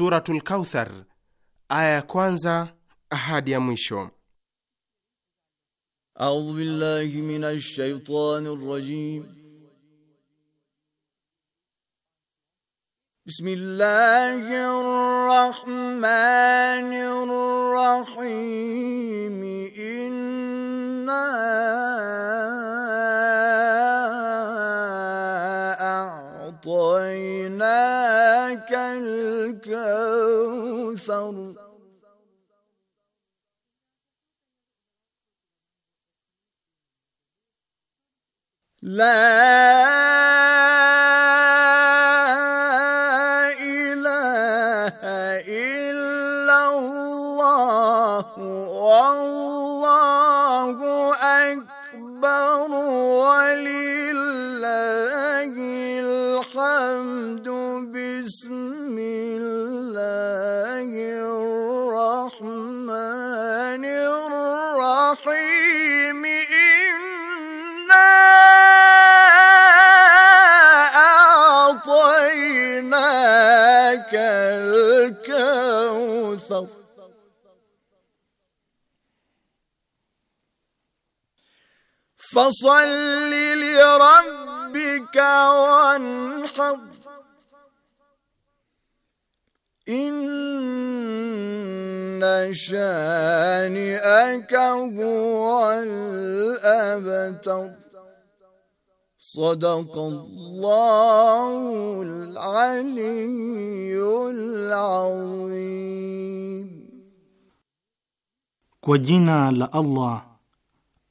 Suratul Kauthar aya ya kwanza hadi ya mwisho. A'udhu billahi minash shaitanir rajim. Bismillahir rahmanir rahim. Inna يغفر لا فصل لربك وانحر إن شانئك هو الأبتر صدق الله العلي العظيم Kwa jina la Allah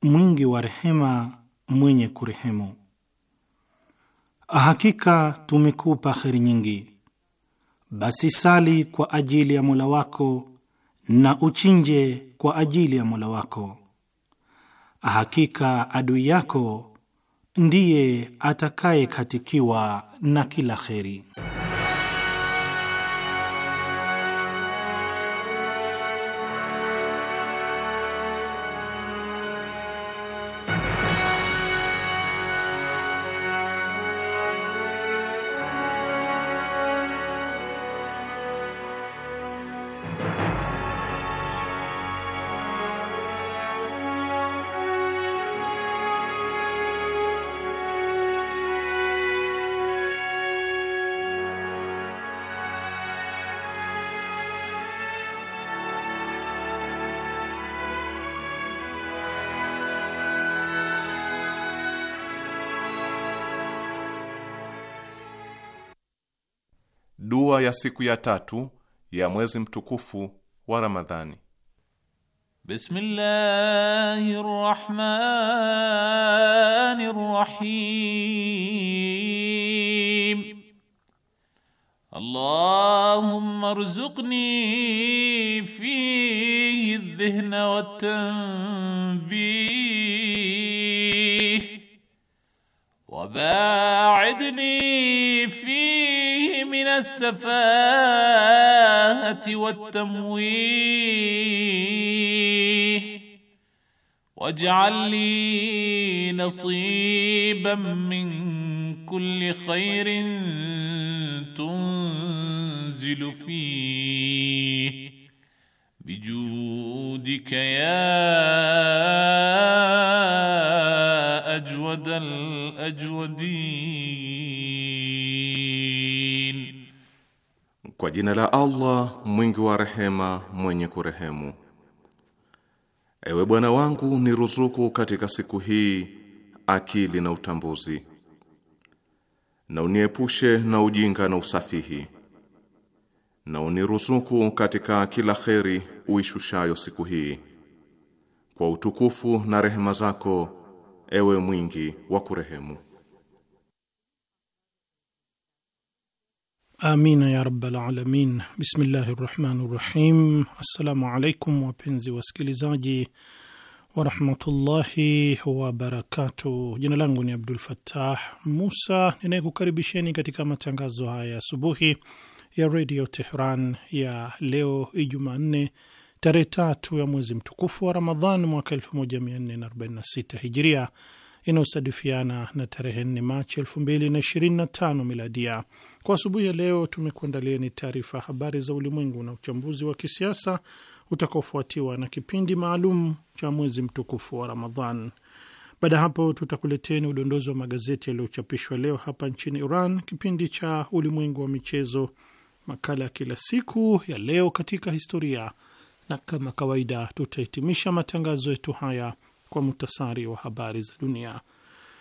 mwingi wa rehema, mwenye kurehemu. Hakika tumekupa kheri nyingi, basi sali kwa ajili ya Mola wako na uchinje kwa ajili ya Mola wako. Hakika adui yako ndiye atakayekatikiwa na kila kheri. ya siku ya tatu ya mwezi mtukufu wa Ramadhani. Bismillahir Rahmanir Rahim. Allahumma rzuqni fihi dhihna wa tanbih wa ba'idni fihi السفاهه والتمويه واجعل لي نصيبا من كل خير تنزل فيه بجودك يا اجود الاجودين Kwa jina la Allah mwingi wa rehema mwenye kurehemu. Ewe Bwana wangu, ni ruzuku katika siku hii akili na utambuzi, na uniepushe na ujinga na usafihi, na uniruzuku katika kila kheri uishushayo siku hii, kwa utukufu na rehema zako, ewe mwingi wa kurehemu. Amina ya rabbal alamin. Bismillahi rahmani rahim. Assalamu alaikum wapenzi wasikilizaji warahmatullahi wabarakatuh. Jina langu ni Abdul Fattah Musa ninayekukaribisheni katika matangazo haya asubuhi ya redio Tehran ya leo Ijumaa nne tarehe tatu ya mwezi mtukufu wa Ramadhan mwaka 1446 hijiria inayosadifiana na tarehe 4 Machi 2025 miladia kwa asubuhi ya leo tumekuandalieni taarifa ya habari za ulimwengu na uchambuzi wa kisiasa utakaofuatiwa na kipindi maalum cha mwezi mtukufu wa Ramadhan. Baada ya hapo, tutakuleteni udondozi wa magazeti yaliyochapishwa leo hapa nchini Iran, kipindi cha ulimwengu wa michezo, makala ya kila siku ya leo katika historia, na kama kawaida tutahitimisha matangazo yetu haya kwa muhtasari wa habari za dunia.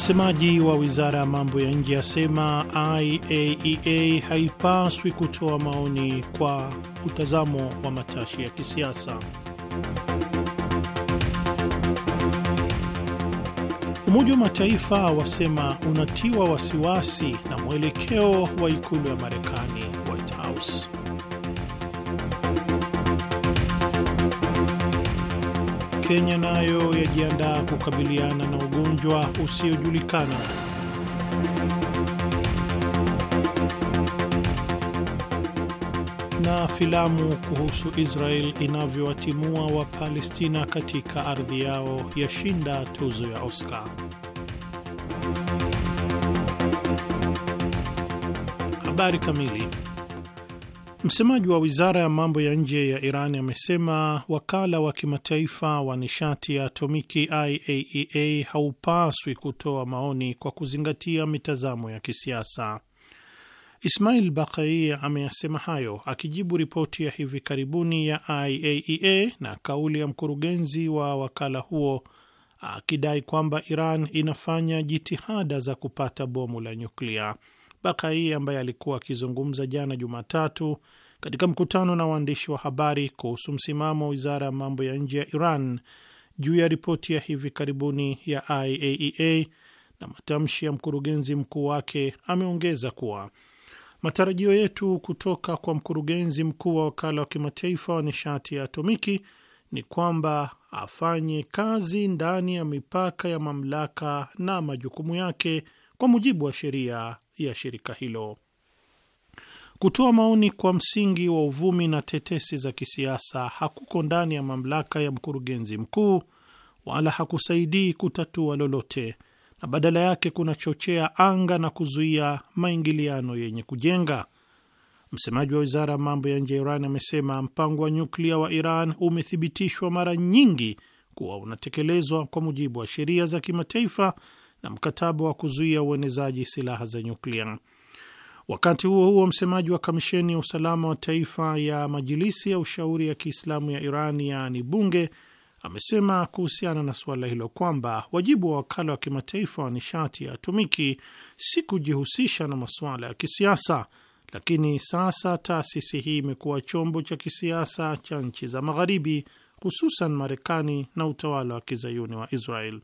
Msemaji wa wizara ya mambo ya nje asema IAEA e haipaswi kutoa maoni kwa utazamo wa matashi ya kisiasa. Umoja wa Mataifa wasema unatiwa wasiwasi na mwelekeo wa ikulu ya Marekani, White House. Kenya nayo yajiandaa kukabiliana na ugonjwa usiojulikana. Na filamu kuhusu Israel inavyowatimua Wapalestina katika ardhi yao yashinda tuzo ya Oscar. Habari kamili Msemaji wa wizara ya mambo ya nje ya Iran amesema wakala wa kimataifa wa nishati ya atomiki IAEA e haupaswi kutoa maoni kwa kuzingatia mitazamo ya kisiasa. Ismail Bakai ameyasema hayo akijibu ripoti ya hivi karibuni ya IAEA e na kauli ya mkurugenzi wa wakala huo akidai kwamba Iran inafanya jitihada za kupata bomu la nyuklia. Bakai ambaye alikuwa akizungumza jana Jumatatu katika mkutano na waandishi wa habari kuhusu msimamo wa wizara ya mambo ya nje ya Iran juu ya ripoti ya hivi karibuni ya IAEA e na matamshi ya mkurugenzi mkuu wake, ameongeza kuwa matarajio yetu kutoka kwa mkurugenzi mkuu wa wakala wa kimataifa wa nishati ya atomiki ni kwamba afanye kazi ndani ya mipaka ya mamlaka na majukumu yake kwa mujibu wa sheria ya shirika hilo. Kutoa maoni kwa msingi wa uvumi na tetesi za kisiasa hakuko ndani ya mamlaka ya mkurugenzi mkuu wala hakusaidii kutatua lolote, na badala yake kunachochea anga na kuzuia maingiliano yenye kujenga. Msemaji wa wizara ya mambo ya nje ya Iran amesema mpango wa nyuklia wa Iran umethibitishwa mara nyingi kuwa unatekelezwa kwa mujibu wa sheria za kimataifa na mkataba wa kuzuia uenezaji silaha za nyuklia. Wakati huo huo, msemaji wa kamisheni ya usalama wa taifa ya Majilisi ya Ushauri ya Kiislamu ya Iran, yaani bunge, amesema kuhusiana na suala hilo kwamba wajibu wa wakala wa kimataifa wa nishati ya atomiki si kujihusisha na masuala ya kisiasa, lakini sasa taasisi hii imekuwa chombo cha kisiasa cha nchi za Magharibi, hususan Marekani na utawala wa kizayuni wa Israel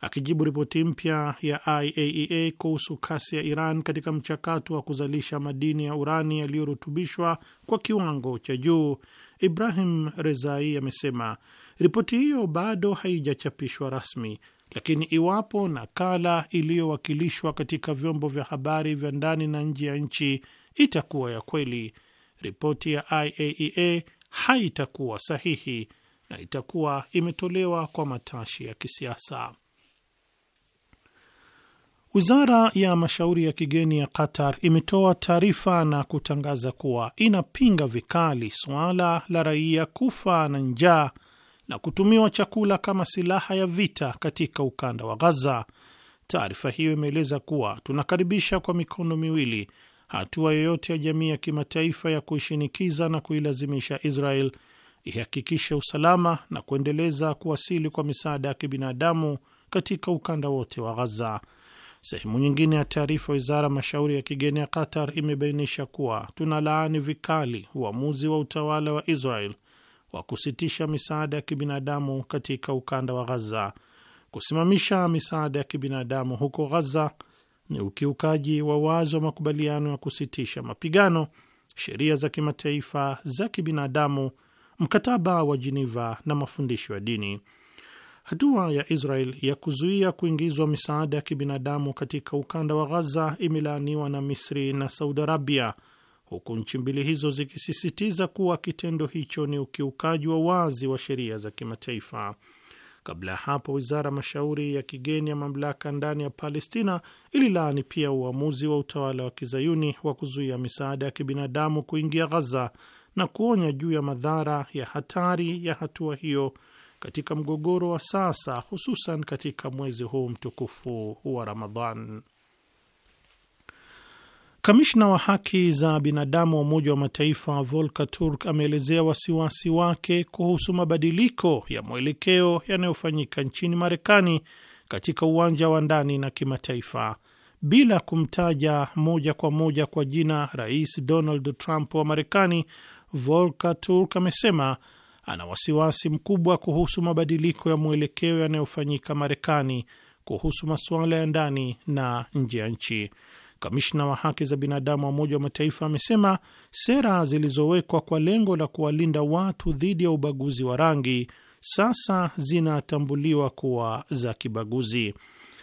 akijibu ripoti mpya ya IAEA e kuhusu kasi ya Iran katika mchakato wa kuzalisha madini ya urani yaliyorutubishwa kwa kiwango cha juu, Ibrahim Rezai amesema ripoti hiyo bado haijachapishwa rasmi, lakini iwapo nakala iliyowakilishwa katika vyombo vya habari vya ndani na nje ya nchi itakuwa ya kweli, ripoti ya IAEA e haitakuwa sahihi na itakuwa imetolewa kwa matashi ya kisiasa. Wizara ya mashauri ya kigeni ya Qatar imetoa taarifa na kutangaza kuwa inapinga vikali suala la raia kufa na njaa na kutumiwa chakula kama silaha ya vita katika ukanda wa Gaza. Taarifa hiyo imeeleza kuwa tunakaribisha kwa mikono miwili hatua yoyote ya jamii ya kimataifa ya kuishinikiza na kuilazimisha Israel ihakikishe usalama na kuendeleza kuwasili kwa misaada ya kibinadamu katika ukanda wote wa Gaza Sehemu nyingine ya taarifa, wizara mashauri ya kigeni ya Qatar imebainisha kuwa tunalaani vikali uamuzi wa utawala wa Israel wa kusitisha misaada ya kibinadamu katika ukanda wa Ghaza. Kusimamisha misaada ya kibinadamu huko Ghaza ni ukiukaji wa wazi wa makubaliano ya kusitisha mapigano, sheria za kimataifa za kibinadamu, mkataba wa Jiniva na mafundisho ya dini. Hatua ya Israel ya kuzuia kuingizwa misaada ya kibinadamu katika ukanda wa Ghaza imelaaniwa na Misri na Saudi Arabia, huku nchi mbili hizo zikisisitiza kuwa kitendo hicho ni ukiukaji wa wazi wa sheria za kimataifa. Kabla ya hapo, wizara mashauri ya kigeni ya mamlaka ndani ya Palestina ililaani pia uamuzi wa utawala wa kizayuni wa kuzuia misaada ya kibinadamu kuingia Ghaza na kuonya juu ya madhara ya hatari ya hatua hiyo katika mgogoro wa sasa, hususan katika mwezi huu mtukufu wa Ramadhan. Kamishna wa haki za binadamu wa Umoja wa Mataifa Volker Turk ameelezea wasiwasi wake kuhusu mabadiliko ya mwelekeo yanayofanyika nchini Marekani katika uwanja wa ndani na kimataifa, bila kumtaja moja kwa moja kwa jina Rais Donald Trump wa Marekani. Volker Turk amesema ana wasiwasi mkubwa kuhusu mabadiliko ya mwelekeo yanayofanyika Marekani kuhusu masuala ya ndani na nje ya nchi. Kamishna wa haki za binadamu wa Umoja wa Mataifa amesema sera zilizowekwa kwa lengo la kuwalinda watu dhidi ya ubaguzi wa rangi sasa zinatambuliwa kuwa za kibaguzi.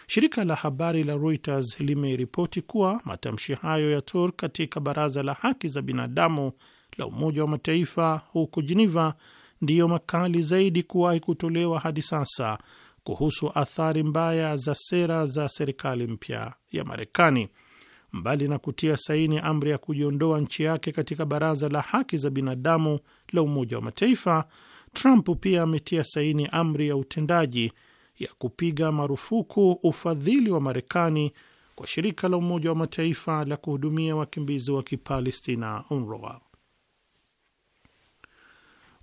Shirika la habari la Reuters limeripoti kuwa matamshi hayo ya Turk katika Baraza la Haki za Binadamu la Umoja wa Mataifa huko Jeneva ndiyo makali zaidi kuwahi kutolewa hadi sasa kuhusu athari mbaya za sera za serikali mpya ya Marekani. Mbali na kutia saini amri ya kujiondoa nchi yake katika Baraza la Haki za Binadamu la Umoja wa Mataifa, Trump pia ametia saini amri ya utendaji ya kupiga marufuku ufadhili wa Marekani kwa shirika la Umoja wa Mataifa la kuhudumia wakimbizi wa Kipalestina, UNRWA.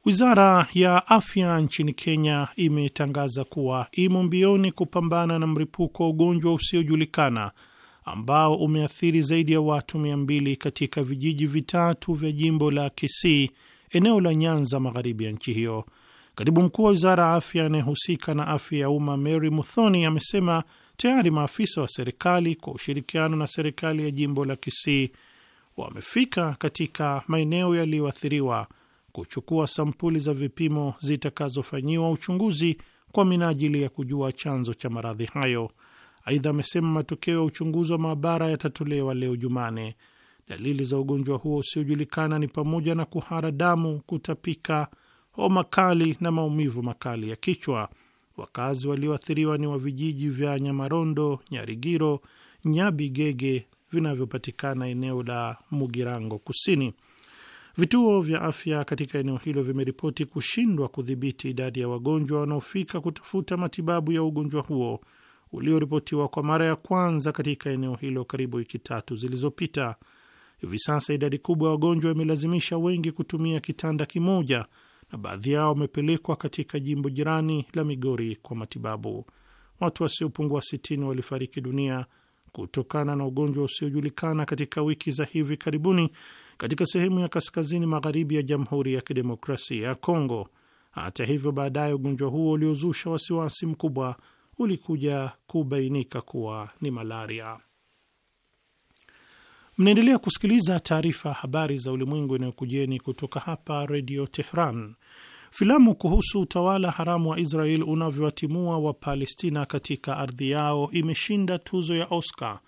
Wizara ya afya nchini Kenya imetangaza kuwa imo mbioni kupambana na mlipuko wa ugonjwa usiojulikana ambao umeathiri zaidi ya watu mia mbili katika vijiji vitatu vya jimbo la Kisii, eneo la Nyanza, magharibi ya nchi hiyo. Katibu mkuu wa wizara ya afya anayehusika na afya ya umma Mary Muthoni amesema tayari maafisa wa serikali kwa ushirikiano na serikali ya jimbo la Kisii wamefika katika maeneo yaliyoathiriwa kuchukua sampuli za vipimo zitakazofanyiwa uchunguzi kwa minajili ya kujua chanzo cha maradhi hayo. Aidha, amesema matokeo ya uchunguzi wa maabara yatatolewa leo Jumane. Dalili za ugonjwa huo usiojulikana ni pamoja na kuhara damu, kutapika, homa kali na maumivu makali ya kichwa. Wakazi walioathiriwa ni wa vijiji vya Nyamarondo, Nyarigiro, Nyabigege vinavyopatikana eneo la Mugirango Kusini. Vituo vya afya katika eneo hilo vimeripoti kushindwa kudhibiti idadi ya wagonjwa wanaofika kutafuta matibabu ya ugonjwa huo ulioripotiwa kwa mara ya kwanza katika eneo hilo karibu wiki tatu zilizopita. Hivi sasa idadi kubwa ya wagonjwa imelazimisha wengi kutumia kitanda kimoja na baadhi yao wamepelekwa katika jimbo jirani la Migori kwa matibabu. Watu wasiopungua 60 walifariki dunia kutokana na ugonjwa usiojulikana katika wiki za hivi karibuni katika sehemu ya kaskazini magharibi ya Jamhuri ya Kidemokrasia ya Kongo. Hata hivyo, baadaye ugonjwa huo uliozusha wasiwasi mkubwa ulikuja kubainika kuwa ni malaria. Mnaendelea kusikiliza taarifa ya habari za ulimwengu inayokujeni kutoka hapa Redio Tehran. Filamu kuhusu utawala haramu wa Israel unavyowatimua Wapalestina katika ardhi yao imeshinda tuzo ya Oscar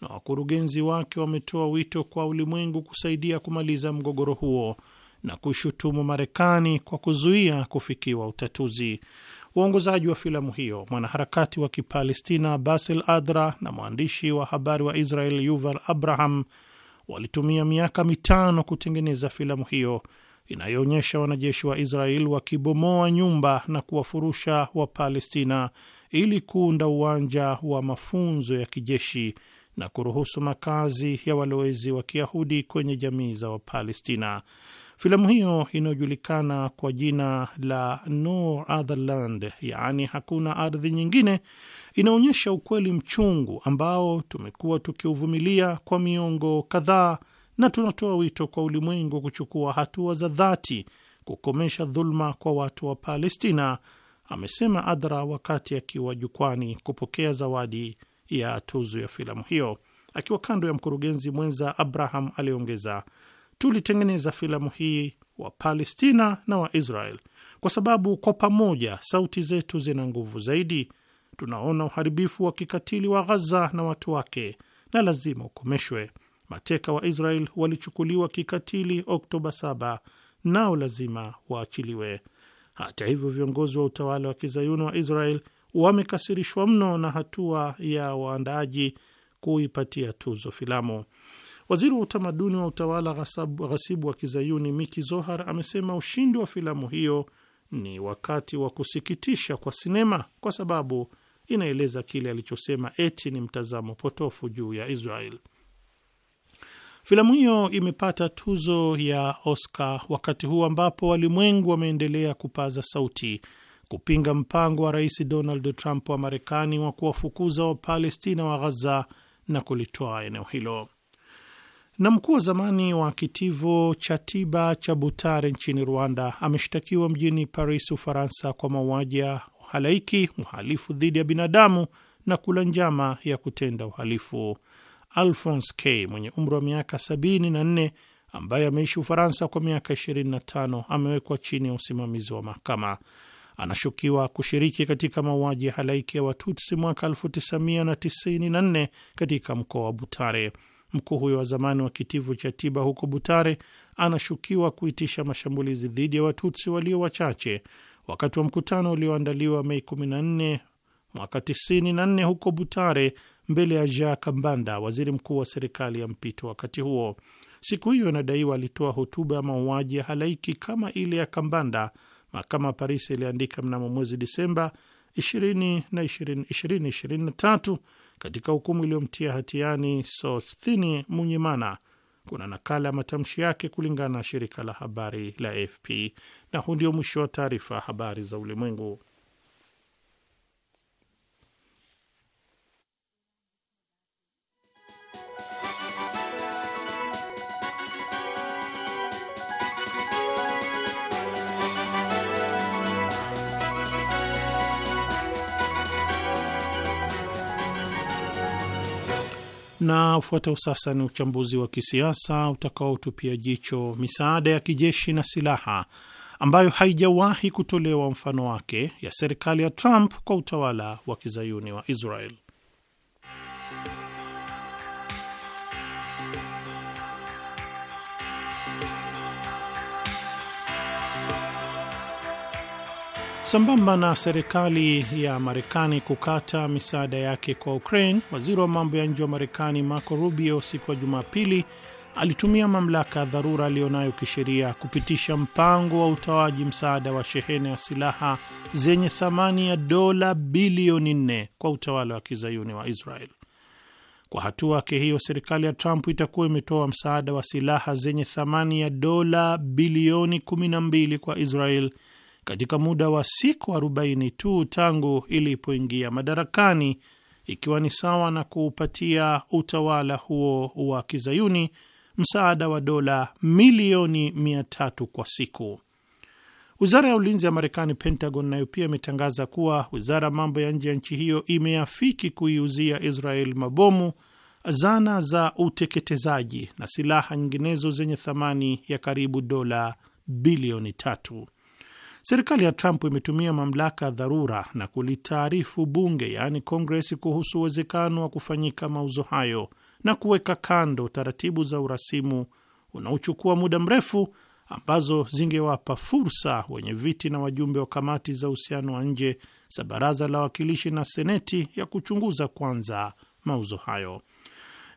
na wakurugenzi wake wametoa wito kwa ulimwengu kusaidia kumaliza mgogoro huo na kushutumu Marekani kwa kuzuia kufikiwa utatuzi. Waongozaji wa filamu hiyo, mwanaharakati wa Kipalestina Basil Adra na mwandishi wa habari wa Israel Yuval Abraham walitumia miaka mitano kutengeneza filamu hiyo inayoonyesha wanajeshi wa Israel wakibomoa nyumba na kuwafurusha Wapalestina ili kuunda uwanja wa mafunzo ya kijeshi na kuruhusu makazi ya walowezi wa Kiyahudi kwenye jamii za Wapalestina. Filamu hiyo inayojulikana kwa jina la No Other Land, yaani hakuna ardhi nyingine, inaonyesha ukweli mchungu ambao tumekuwa tukiuvumilia kwa miongo kadhaa, na tunatoa wito kwa ulimwengu kuchukua hatua za dhati kukomesha dhuluma kwa watu wa Palestina, amesema Adra wakati akiwa jukwani kupokea zawadi ya tuzo ya filamu hiyo. Akiwa kando ya mkurugenzi mwenza Abraham aliongeza, tulitengeneza filamu hii wa Palestina na wa Israel kwa sababu kwa pamoja sauti zetu zina nguvu zaidi. Tunaona uharibifu wa kikatili wa Ghaza na watu wake na lazima ukomeshwe. Mateka wa Israel walichukuliwa kikatili Oktoba 7, nao lazima waachiliwe. Hata hivyo, viongozi wa utawala wa kizayuni wa Israel wamekasirishwa mno na hatua ya waandaaji kuipatia tuzo filamu. Waziri wa utamaduni wa utawala ghasibu wa kizayuni Miki Zohar amesema ushindi wa filamu hiyo ni wakati wa kusikitisha kwa sinema, kwa sababu inaeleza kile alichosema eti ni mtazamo potofu juu ya Israel. Filamu hiyo imepata tuzo ya Oscar wakati huu ambapo walimwengu wameendelea kupaza sauti kupinga mpango wa Rais Donald Trump wa Marekani wa kuwafukuza Wapalestina wa Ghaza na kulitoa eneo hilo. Na mkuu wa zamani wa kitivo cha tiba cha Butare nchini Rwanda ameshtakiwa mjini Paris, Ufaransa, kwa mauaji ya halaiki, uhalifu dhidi ya binadamu na kula njama ya kutenda uhalifu. Alphonse K mwenye umri wa miaka 74 ambaye ameishi Ufaransa kwa miaka 25 amewekwa chini ya usimamizi wa mahakama anashukiwa kushiriki katika mauaji ya halaiki ya Watutsi mwaka 1994 katika mkoa wa Butare. Mkuu huyo wa zamani wa kitivu cha tiba huko Butare anashukiwa kuitisha mashambulizi dhidi ya Watutsi walio wachache wakati wa mkutano ulioandaliwa Mei 14 mwaka 94 huko Butare mbele ya Jacques Kambanda, waziri mkuu wa serikali ya mpito wakati huo. Siku hiyo inadaiwa alitoa hotuba ya mauaji ya halaiki kama ile ya Kambanda Mahakama ya Paris iliandika mnamo mwezi Disemba 2023 katika hukumu iliyomtia hatiani Sosthini Munyimana kuna nakala ya matamshi yake kulingana na shirika la habari la AFP. Na huu ndio mwisho wa taarifa ya habari za ulimwengu. na ufuatao sasa ni uchambuzi wa kisiasa utakaotupia jicho misaada ya kijeshi na silaha ambayo haijawahi kutolewa mfano wake ya serikali ya Trump kwa utawala wa kizayuni wa Israel. Sambamba na serikali ya Marekani kukata misaada yake kwa Ukraine, waziri wa mambo ya nje wa Marekani Marco Rubio siku ya Jumapili alitumia mamlaka ya dharura aliyonayo kisheria kupitisha mpango wa utoaji msaada wa shehena ya silaha zenye thamani ya dola bilioni nne kwa utawala wa kizayuni wa Israel. Kwa hatua yake hiyo, serikali ya Trump itakuwa imetoa msaada wa silaha zenye thamani ya dola bilioni 12 kwa Israel katika muda wa siku 40 tu tangu ilipoingia madarakani, ikiwa ni sawa na kuupatia utawala huo wa kizayuni msaada wa dola milioni 300 kwa siku. Wizara ya ulinzi ya Marekani, Pentagon, nayo pia imetangaza kuwa wizara ya mambo ya nje ya nchi hiyo imeafiki kuiuzia Israel mabomu, zana za uteketezaji na silaha nyinginezo zenye thamani ya karibu dola bilioni tatu. Serikali ya Trump imetumia mamlaka ya dharura na kulitaarifu bunge, yaani Kongresi, kuhusu uwezekano wa kufanyika mauzo hayo na kuweka kando taratibu za urasimu unaochukua muda mrefu ambazo zingewapa fursa wenye viti na wajumbe wa kamati za uhusiano wa nje za baraza la wawakilishi na seneti ya kuchunguza kwanza mauzo hayo.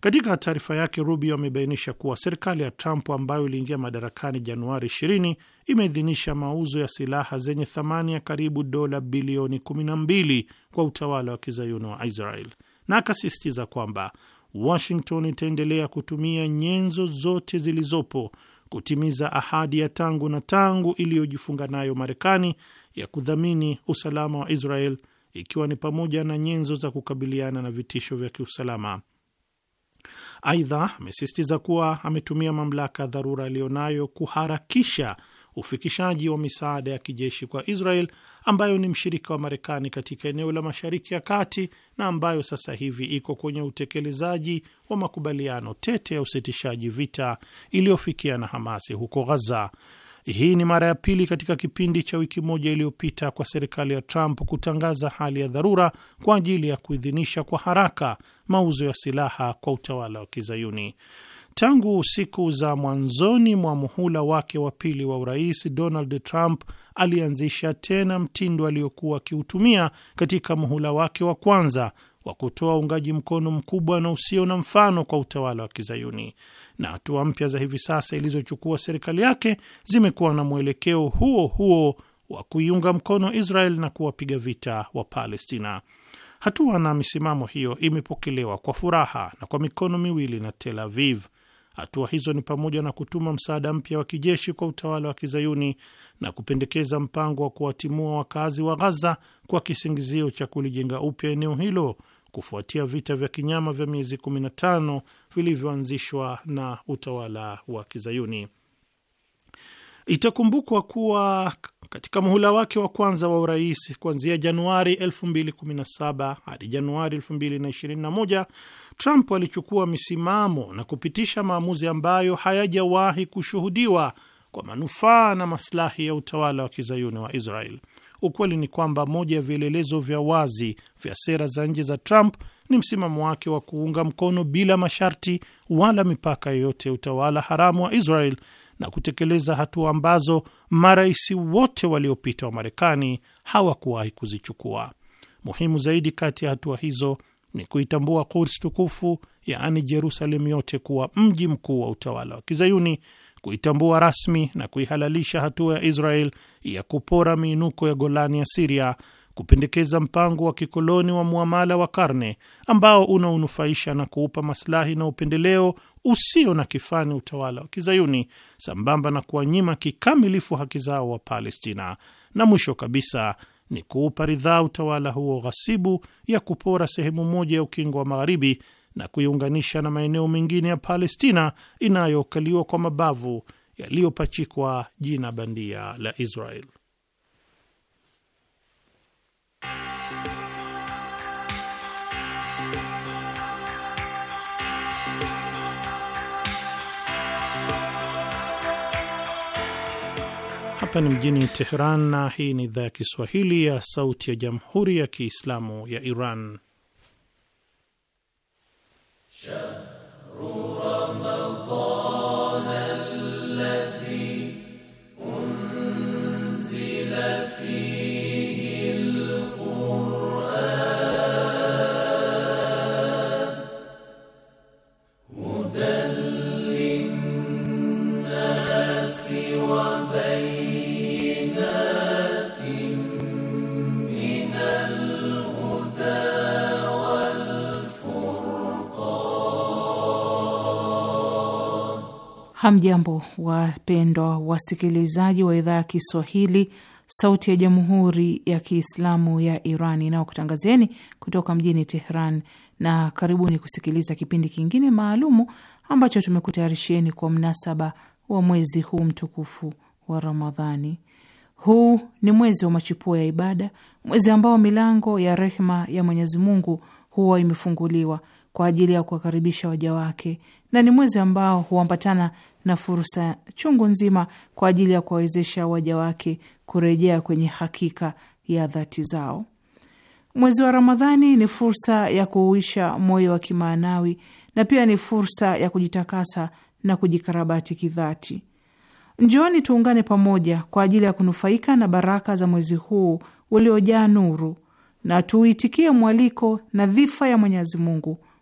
Katika taarifa yake, Rubio amebainisha kuwa serikali ya Trump ambayo iliingia madarakani Januari 20 imeidhinisha mauzo ya silaha zenye thamani ya karibu dola bilioni 12 kwa utawala wa kizayuni wa Israel, na akasisitiza kwamba Washington itaendelea kutumia nyenzo zote zilizopo kutimiza ahadi ya tangu na tangu iliyojifunga nayo Marekani ya kudhamini usalama wa Israel, ikiwa ni pamoja na nyenzo za kukabiliana na vitisho vya kiusalama. Aidha, amesisitiza kuwa ametumia mamlaka ya dharura aliyonayo kuharakisha ufikishaji wa misaada ya kijeshi kwa Israel ambayo ni mshirika wa Marekani katika eneo la Mashariki ya Kati na ambayo sasa hivi iko kwenye utekelezaji wa makubaliano tete ya usitishaji vita iliyofikia na Hamasi huko Ghaza. Hii ni mara ya pili katika kipindi cha wiki moja iliyopita kwa serikali ya Trump kutangaza hali ya dharura kwa ajili ya kuidhinisha kwa haraka mauzo ya silaha kwa utawala wa Kizayuni. Tangu siku za mwanzoni mwa muhula wake wa pili wa urais, Donald Trump alianzisha tena mtindo aliyokuwa akiutumia katika muhula wake wa kwanza wa kutoa uungaji mkono mkubwa na usio na mfano kwa utawala wa Kizayuni, na hatua mpya za hivi sasa ilizochukua serikali yake zimekuwa na mwelekeo huo huo wa kuiunga mkono Israel na kuwapiga vita wa Palestina. Hatua na misimamo hiyo imepokelewa kwa furaha na kwa mikono miwili na Tel Aviv, Hatua hizo ni pamoja na kutuma msaada mpya wa kijeshi kwa utawala wa kizayuni na kupendekeza mpango wa kuwatimua wakazi wa Ghaza kwa kisingizio cha kulijenga upya eneo hilo kufuatia vita vya kinyama vya miezi 15 vilivyoanzishwa na utawala wa kizayuni. Itakumbukwa kuwa katika muhula wake wa kwanza wa urais kuanzia Januari 2017 hadi Januari 2021 Trump alichukua misimamo na kupitisha maamuzi ambayo hayajawahi kushuhudiwa kwa manufaa na masilahi ya utawala wa kizayuni wa Israel. Ukweli ni kwamba moja ya vielelezo vya wazi vya sera za nje za Trump ni msimamo wake wa kuunga mkono bila masharti wala mipaka yoyote ya utawala haramu wa Israel na kutekeleza hatua ambazo marais wote waliopita wa Marekani hawakuwahi kuzichukua. Muhimu zaidi kati ya hatua hizo ni kuitambua Quds tukufu, yaani Jerusalemu yote kuwa mji mkuu wa utawala wa Kizayuni, kuitambua rasmi na kuihalalisha hatua ya Israel ya kupora miinuko ya Golani ya Siria, kupendekeza mpango wa kikoloni wa muamala wa karne ambao unaunufaisha na kuupa maslahi na upendeleo usio na kifani utawala wa Kizayuni, sambamba na kuwanyima kikamilifu haki zao wa Palestina, na mwisho kabisa ni kuupa ridhaa utawala huo ghasibu ya kupora sehemu moja ya ukingo wa Magharibi na kuiunganisha na maeneo mengine ya Palestina inayokaliwa kwa mabavu yaliyopachikwa jina bandia la Israel. Hapa ni mjini Teheran na hii ni idhaa ya Kiswahili ya Sauti ya Jamhuri ya Kiislamu ya Iran. Hamjambo, wapendwa wasikilizaji wa idhaa ya Kiswahili, Sauti ya Jamhuri ya Kiislamu ya Iran inayokutangazieni kutoka mjini Tehran, na karibuni kusikiliza kipindi kingine maalumu ambacho tumekutayarishieni kwa mnasaba wa mwezi huu mtukufu wa Ramadhani. Huu ni mwezi wa machipuo ya ibada, mwezi ambao milango ya rehma ya Mwenyezi Mungu huwa imefunguliwa kwa ajili ya kuwakaribisha waja wake, na ni mwezi ambao huambatana na fursa chungu nzima kwa ajili ya kuwawezesha waja wake kurejea kwenye hakika ya dhati zao. Mwezi wa Ramadhani ni fursa ya kuuisha moyo wa kimaanawi na pia ni fursa ya kujitakasa na kujikarabati kidhati. Njooni tuungane pamoja kwa ajili ya kunufaika na baraka za mwezi huu uliojaa nuru, na tuuitikie mwaliko na dhifa ya Mwenyezi Mungu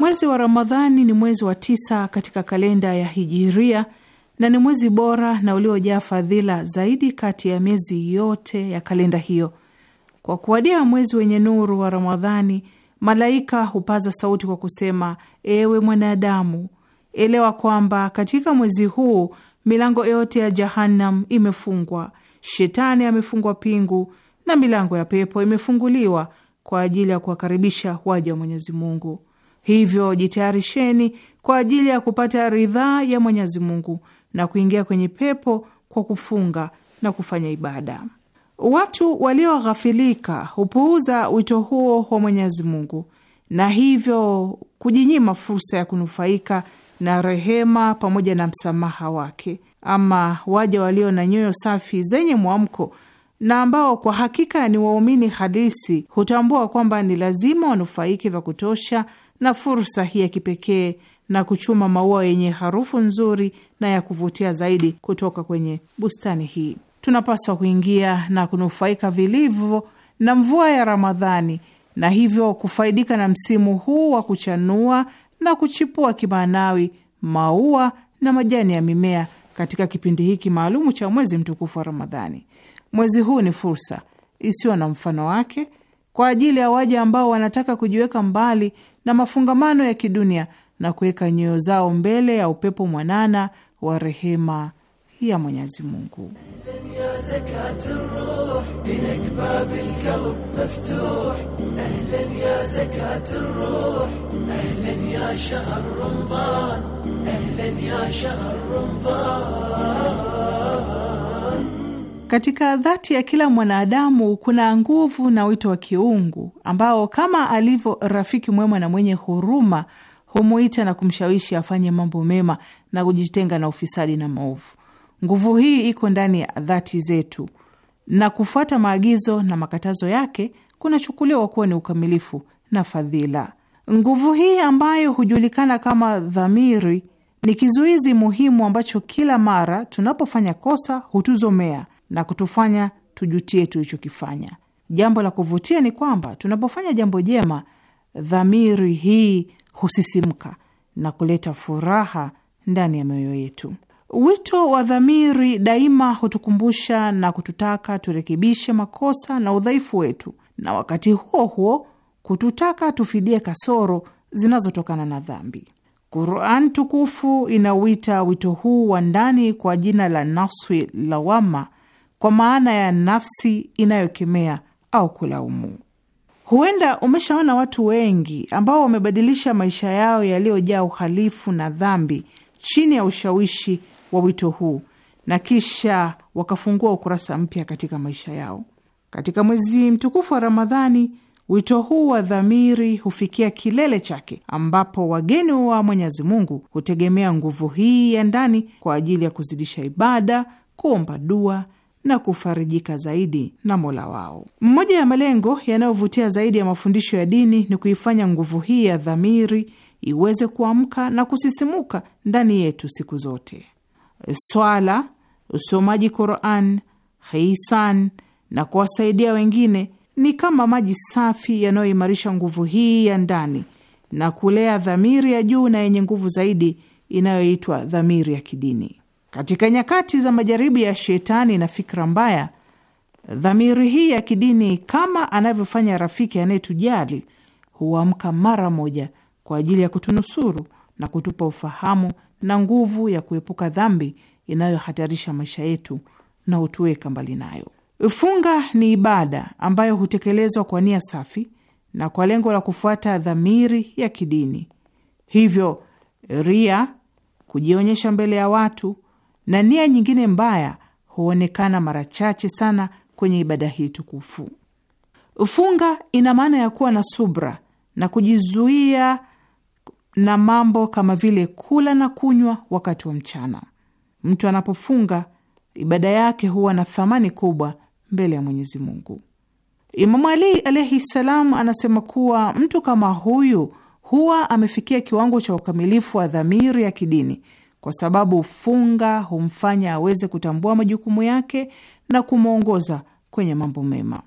Mwezi wa Ramadhani ni mwezi wa tisa katika kalenda ya Hijiria na ni mwezi bora na uliojaa fadhila zaidi kati ya miezi yote ya kalenda hiyo. Kwa kuwadia mwezi wenye nuru wa Ramadhani, malaika hupaza sauti kwa kusema: ewe mwanadamu, elewa kwamba katika mwezi huu milango yote ya Jahannam imefungwa, shetani amefungwa pingu, na milango ya pepo imefunguliwa kwa ajili ya kuwakaribisha waja wa Mwenyezi Mungu. Hivyo jitayarisheni kwa ajili ya kupata ridhaa ya Mwenyezi Mungu na kuingia kwenye pepo kwa kufunga na kufanya ibada. Watu walioghafilika hupuuza wito huo wa Mwenyezi Mungu na hivyo kujinyima fursa ya kunufaika na rehema pamoja na msamaha wake. Ama waja walio na nyoyo safi zenye mwamko na ambao kwa hakika ni waumini halisi hutambua kwamba ni lazima wanufaike vya kutosha na fursa hii ya kipekee na kuchuma maua yenye harufu nzuri na ya kuvutia zaidi kutoka kwenye bustani hii. Tunapaswa kuingia na kunufaika vilivyo na mvua ya Ramadhani na hivyo kufaidika na msimu huu wa kuchanua na kuchipua kimaanawi maua na majani ya mimea katika kipindi hiki maalumu cha mwezi mtukufu wa Ramadhani. Mwezi huu ni fursa isiyo na mfano wake kwa ajili ya waja ambao wanataka kujiweka mbali na mafungamano ya kidunia na kuweka nyoyo zao mbele ya upepo mwanana wa rehema ya Mwenyezi Mungu. Katika dhati ya kila mwanadamu kuna nguvu na wito wa kiungu ambao kama alivyo rafiki mwema na mwenye huruma humuita na kumshawishi afanye mambo mema na kujitenga na ufisadi na maovu. Nguvu hii iko ndani ya dhati zetu na kufuata maagizo na makatazo yake kunachukuliwa kuwa ni ukamilifu na fadhila. Nguvu hii ambayo hujulikana kama dhamiri ni kizuizi muhimu ambacho kila mara tunapofanya kosa hutuzomea na kutufanya tujutie tulichokifanya. Jambo la kuvutia ni kwamba tunapofanya jambo jema, dhamiri hii husisimka na kuleta furaha ndani ya mioyo yetu. Wito wa dhamiri daima hutukumbusha na kututaka turekebishe makosa na udhaifu wetu, na wakati huo huo kututaka tufidie kasoro zinazotokana na dhambi. Quran tukufu inauita wito huu wa ndani kwa jina la naswi lawama, kwa maana ya nafsi inayokemea au kulaumu. Huenda umeshaona watu wengi ambao wamebadilisha maisha yao yaliyojaa uhalifu na dhambi chini ya ushawishi wa wito huu na kisha wakafungua ukurasa mpya katika maisha yao. Katika mwezi mtukufu wa Ramadhani, wito huu wa dhamiri hufikia kilele chake, ambapo wageni wa Mwenyezi Mungu hutegemea nguvu hii ya ndani kwa ajili ya kuzidisha ibada, kuomba dua na kufarijika zaidi na Mola wao. Mmoja ya malengo yanayovutia zaidi ya mafundisho ya dini ni kuifanya nguvu hii ya dhamiri iweze kuamka na kusisimuka ndani yetu siku zote. Swala, usomaji Quran, hisan na kuwasaidia wengine ni kama maji safi yanayoimarisha nguvu hii ya ndani na kulea dhamiri ya juu na yenye nguvu zaidi inayoitwa dhamiri ya kidini. Katika nyakati za majaribu ya shetani na fikra mbaya, dhamiri hii ya kidini, kama anavyofanya rafiki anayetujali, huamka mara moja kwa ajili ya kutunusuru na kutupa ufahamu na nguvu ya kuepuka dhambi inayohatarisha maisha yetu na hutuweka mbali nayo. Funga ni ibada ambayo hutekelezwa kwa nia safi na kwa lengo la kufuata dhamiri ya kidini. Hivyo ria, kujionyesha mbele ya watu na nia nyingine mbaya huonekana mara chache sana kwenye ibada hii tukufu. Funga ina maana ya kuwa na subra na kujizuia na mambo kama vile kula na kunywa wakati wa mchana. Mtu anapofunga ibada yake huwa na thamani kubwa mbele ya Mwenyezi Mungu. Imamu Ali alaihi salam anasema kuwa mtu kama huyu huwa amefikia kiwango cha ukamilifu wa dhamiri ya kidini kwa sababu funga humfanya aweze kutambua majukumu yake na kumwongoza kwenye mambo mema.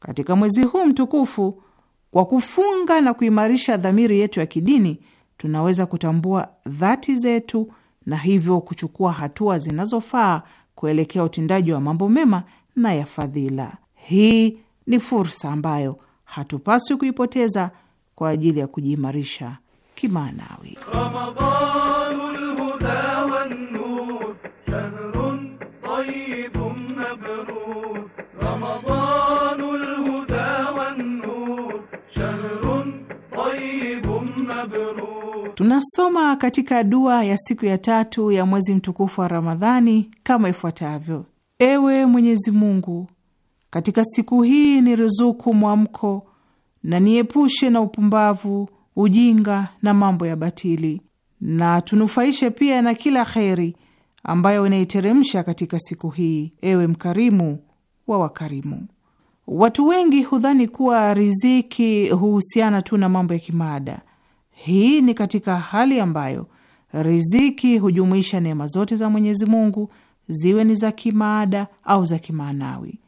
Katika mwezi huu mtukufu, kwa kufunga na kuimarisha dhamiri yetu ya kidini, tunaweza kutambua dhati zetu na hivyo kuchukua hatua zinazofaa kuelekea utendaji wa mambo mema na ya fadhila. Hii ni fursa ambayo hatupaswi kuipoteza kwa ajili ya kujiimarisha kimaanawi. Tunasoma katika dua ya siku ya tatu ya mwezi mtukufu wa Ramadhani kama ifuatavyo: Ewe Mwenyezi Mungu, katika siku hii ni ruzuku mwamko na niepushe na upumbavu, ujinga na mambo ya batili na tunufaishe pia na kila kheri ambayo inaiteremsha katika siku hii, ewe mkarimu wa wakarimu. Watu wengi hudhani kuwa riziki huhusiana tu na mambo ya kimaada. Hii ni katika hali ambayo riziki hujumuisha neema zote za Mwenyezi Mungu, ziwe ni za kimaada au za kimaanawi.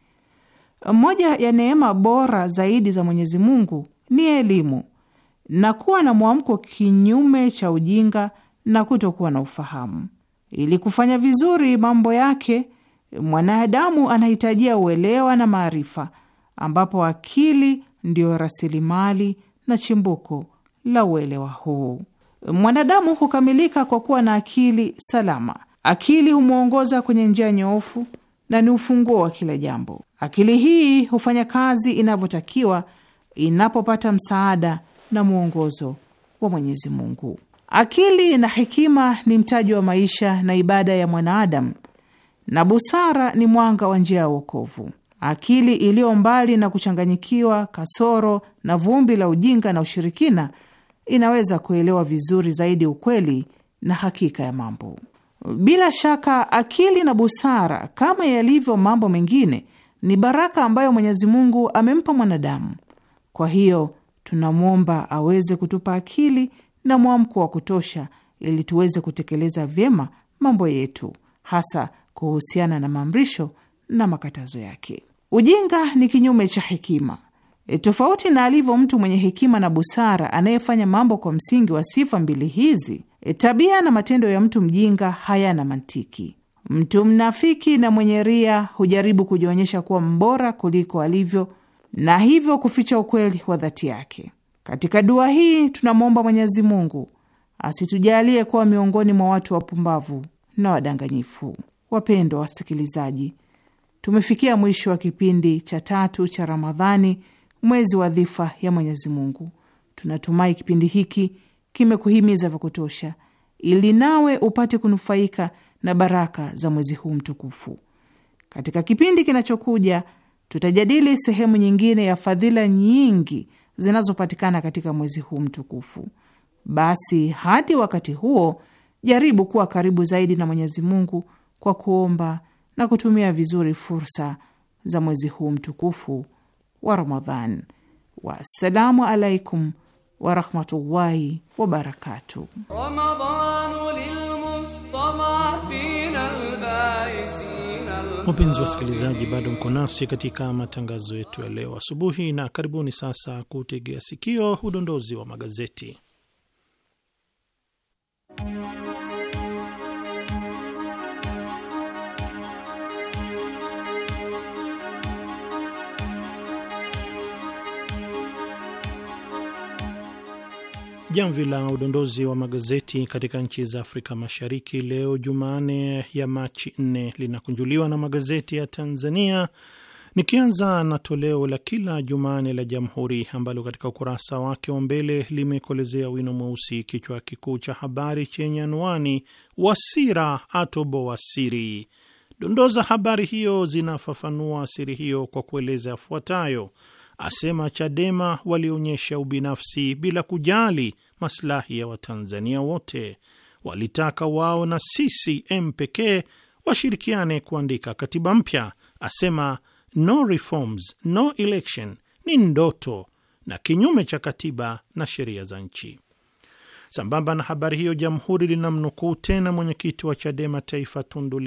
Moja ya neema bora zaidi za Mwenyezi Mungu ni elimu na kuwa na mwamko kinyume cha ujinga na kutokuwa na ufahamu. Ili kufanya vizuri mambo yake, mwanadamu anahitajia uelewa na maarifa, ambapo akili ndiyo rasilimali na chimbuko la uelewa huu. Mwanadamu hukamilika kwa kuwa na akili salama. Akili humwongoza kwenye njia nyoofu na ni ufunguo wa kila jambo. Akili hii hufanya kazi inavyotakiwa inapopata msaada na mwongozo wa Mwenyezi Mungu. Akili na hekima ni mtaji wa maisha na ibada ya mwanaadamu, na busara ni mwanga wa njia ya wokovu. Akili iliyo mbali na kuchanganyikiwa, kasoro na vumbi la ujinga na ushirikina inaweza kuelewa vizuri zaidi ukweli na hakika ya mambo. Bila shaka, akili na busara, kama yalivyo mambo mengine, ni baraka ambayo Mwenyezi Mungu amempa mwanadamu. Kwa hiyo tunamwomba aweze kutupa akili na mwamko wa kutosha ili tuweze kutekeleza vyema mambo yetu, hasa kuhusiana na maamrisho na makatazo yake. Ujinga ni kinyume cha hekima. E, tofauti na alivyo mtu mwenye hekima na busara anayefanya mambo kwa msingi wa sifa mbili hizi, e, tabia na matendo ya mtu mjinga hayana mantiki. Mtu mnafiki na mwenye ria hujaribu kujionyesha kuwa mbora kuliko alivyo na hivyo kuficha ukweli wa dhati yake. Katika dua hii tunamwomba Mwenyezi Mungu asitujalie kuwa miongoni mwa watu wapumbavu na wadanganyifu. Wapendwa wasikilizaji, tumefikia mwisho wa kipindi cha tatu cha Ramadhani, mwezi wa dhifa ya Mwenyezi Mungu. Tunatumai kipindi hiki kimekuhimiza vya kutosha, ili nawe upate kunufaika na baraka za mwezi huu mtukufu. Katika kipindi kinachokuja Tutajadili sehemu nyingine ya fadhila nyingi zinazopatikana katika mwezi huu mtukufu. Basi hadi wakati huo, jaribu kuwa karibu zaidi na Mwenyezi Mungu kwa kuomba na kutumia vizuri fursa za mwezi huu mtukufu wa Ramadhan. Wassalamu alaikum warahmatullahi wabarakatuh. Wapenzi wasikilizaji, bado mko nasi katika matangazo yetu ya leo asubuhi, na karibuni sasa kutegea sikio udondozi wa magazeti. Jamvi la udondozi wa magazeti katika nchi za Afrika Mashariki leo jumanne ya Machi 4 linakunjuliwa na magazeti ya Tanzania, nikianza na toleo la kila Jumane la Jamhuri ambalo katika ukurasa wake wa mbele limekolezea wino mweusi kichwa kikuu cha habari chenye anwani Wasira atoboa siri. Dondoza habari hiyo zinafafanua siri hiyo kwa kueleza yafuatayo: asema Chadema walionyesha ubinafsi bila kujali maslahi ya Watanzania wote. Walitaka wao na CCM pekee washirikiane kuandika katiba mpya. Asema no reforms no election ni ndoto na kinyume cha katiba na sheria za nchi. Sambamba na habari hiyo, Jamhuri linamnukuu tena mwenyekiti wa CHADEMA Taifa, Tundu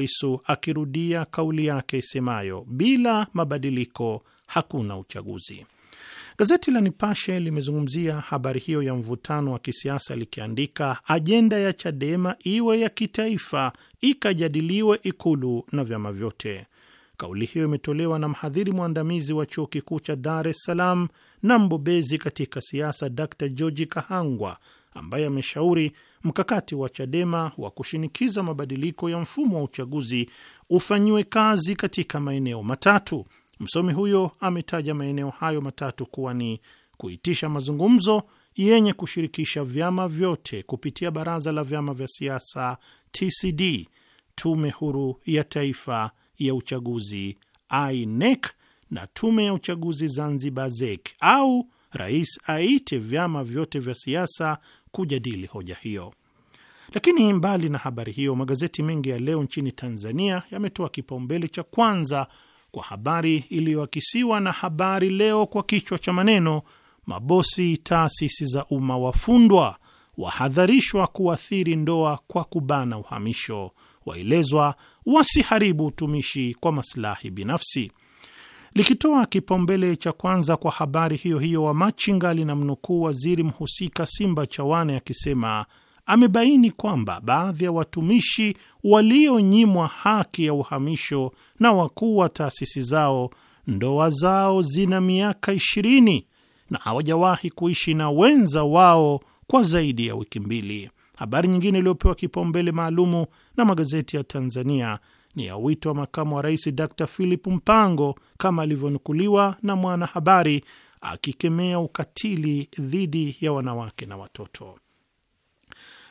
akirudia kauli yake isemayo bila mabadiliko hakuna uchaguzi. Gazeti la Nipashe limezungumzia habari hiyo ya mvutano wa kisiasa likiandika, ajenda ya Chadema iwe ya kitaifa ikajadiliwe Ikulu na vyama vyote. Kauli hiyo imetolewa na mhadhiri mwandamizi wa chuo kikuu cha Dar es Salaam na mbobezi katika siasa Dr georgi Kahangwa, ambaye ameshauri mkakati wa Chadema wa kushinikiza mabadiliko ya mfumo wa uchaguzi ufanyiwe kazi katika maeneo matatu. Msomi huyo ametaja maeneo hayo matatu kuwa ni kuitisha mazungumzo yenye kushirikisha vyama vyote kupitia baraza la vyama vya siasa TCD, tume huru ya taifa ya uchaguzi INEC na tume ya uchaguzi Zanzibar ZEC, au rais aite vyama vyote vya siasa kujadili hoja hiyo. Lakini mbali na habari hiyo, magazeti mengi ya leo nchini Tanzania yametoa kipaumbele cha kwanza kwa habari iliyoakisiwa na Habari Leo kwa kichwa cha maneno mabosi taasisi za umma wafundwa wahadharishwa kuathiri ndoa kwa kubana uhamisho, waelezwa wasiharibu utumishi kwa masilahi binafsi. Likitoa kipaumbele cha kwanza kwa habari hiyo hiyo, Wamachinga mnukuu waziri mhusika Simba Chawane akisema amebaini kwamba baadhi ya watumishi walionyimwa haki ya uhamisho na wakuu wa taasisi zao ndoa zao zina miaka ishirini na hawajawahi kuishi na wenza wao kwa zaidi ya wiki mbili. Habari nyingine iliyopewa kipaumbele maalumu na magazeti ya Tanzania ni ya wito wa makamu wa rais Dr Philip Mpango kama alivyonukuliwa na mwanahabari akikemea ukatili dhidi ya wanawake na watoto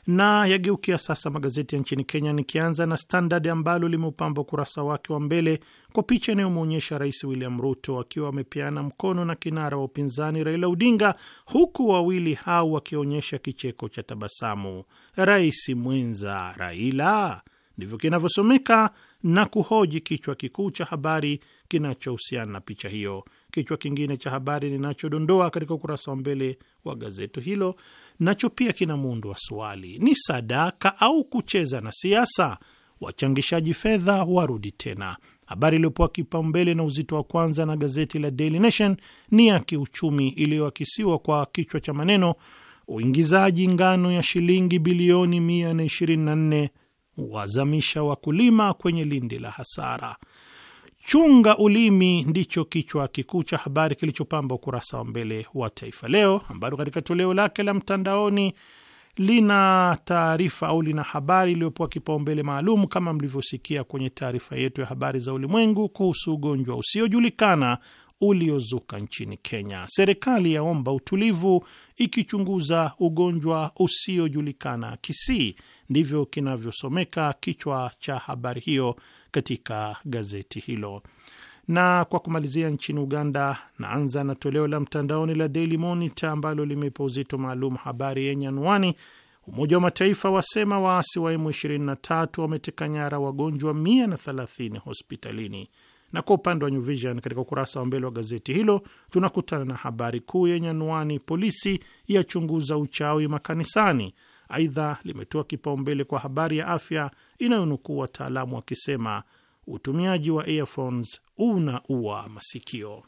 na yageukia sasa magazeti ya nchini Kenya, nikianza na Standard ambalo limeupamba ukurasa wake wa mbele kwa picha inayomwonyesha Rais William Ruto akiwa amepeana mkono na kinara wa upinzani Raila Odinga, huku wawili hao wakionyesha kicheko cha tabasamu. Rais mwenza Raila, ndivyo kinavyosomeka na kuhoji kichwa kikuu cha habari kinachohusiana na picha hiyo. Kichwa kingine cha habari ninachodondoa katika ukurasa wa mbele kwa gazeti hilo, nacho pia kina muundo wa swali: ni sadaka au kucheza na siasa? Wachangishaji fedha warudi tena. Habari iliyopewa kipaumbele na uzito wa kwanza na gazeti la Daily Nation ni ya kiuchumi iliyoakisiwa kwa kichwa cha maneno uingizaji ngano ya shilingi bilioni 124 wazamisha wakulima kwenye lindi la hasara. Chunga ulimi ndicho kichwa kikuu cha habari kilichopamba ukurasa wa mbele wa Taifa Leo, ambalo katika toleo lake la mtandaoni lina taarifa au lina habari iliyopewa kipaumbele maalum kama mlivyosikia kwenye taarifa yetu ya habari za ulimwengu kuhusu ugonjwa usiojulikana uliozuka nchini Kenya. Serikali yaomba utulivu ikichunguza ugonjwa usiojulikana Kisii, ndivyo kinavyosomeka kichwa cha habari hiyo katika gazeti hilo. Na kwa kumalizia, nchini Uganda, naanza na toleo la mtandaoni la Daily Monitor ambalo limepa uzito maalum habari yenye anwani Umoja wa Mataifa wasema waasi wa M23 wameteka nyara wagonjwa 130 hospitalini. Na kwa upande wa New Vision, katika ukurasa wa mbele wa gazeti hilo tunakutana na habari kuu yenye anwani polisi yachunguza uchawi makanisani. Aidha, limetoa kipaumbele kwa habari ya afya inayonukuu wataalamu wakisema utumiaji wa earphones unaua masikio.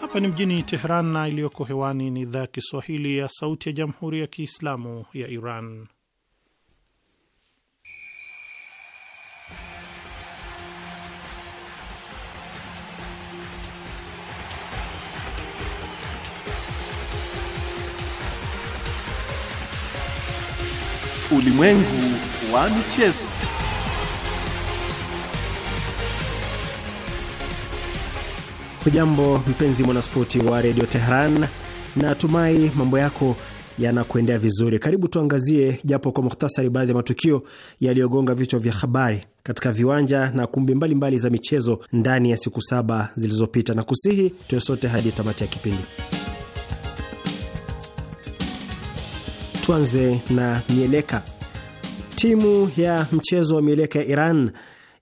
Hapa ni mjini Teheran na iliyoko hewani ni idhaa ya Kiswahili ya Sauti ya Jamhuri ya Kiislamu ya Iran. Ulimwengu wa michezo. Hujambo mpenzi mwanaspoti wa redio Teheran, natumai mambo yako yanakuendea vizuri. Karibu tuangazie japo kwa muhtasari baadhi ya matukio yaliyogonga vichwa vya habari katika viwanja na kumbi mbalimbali mbali za michezo ndani ya siku saba zilizopita, na kusihi tuwe sote hadi tamati ya kipindi. Tuanze na mieleka. Timu ya mchezo wa mieleka ya Iran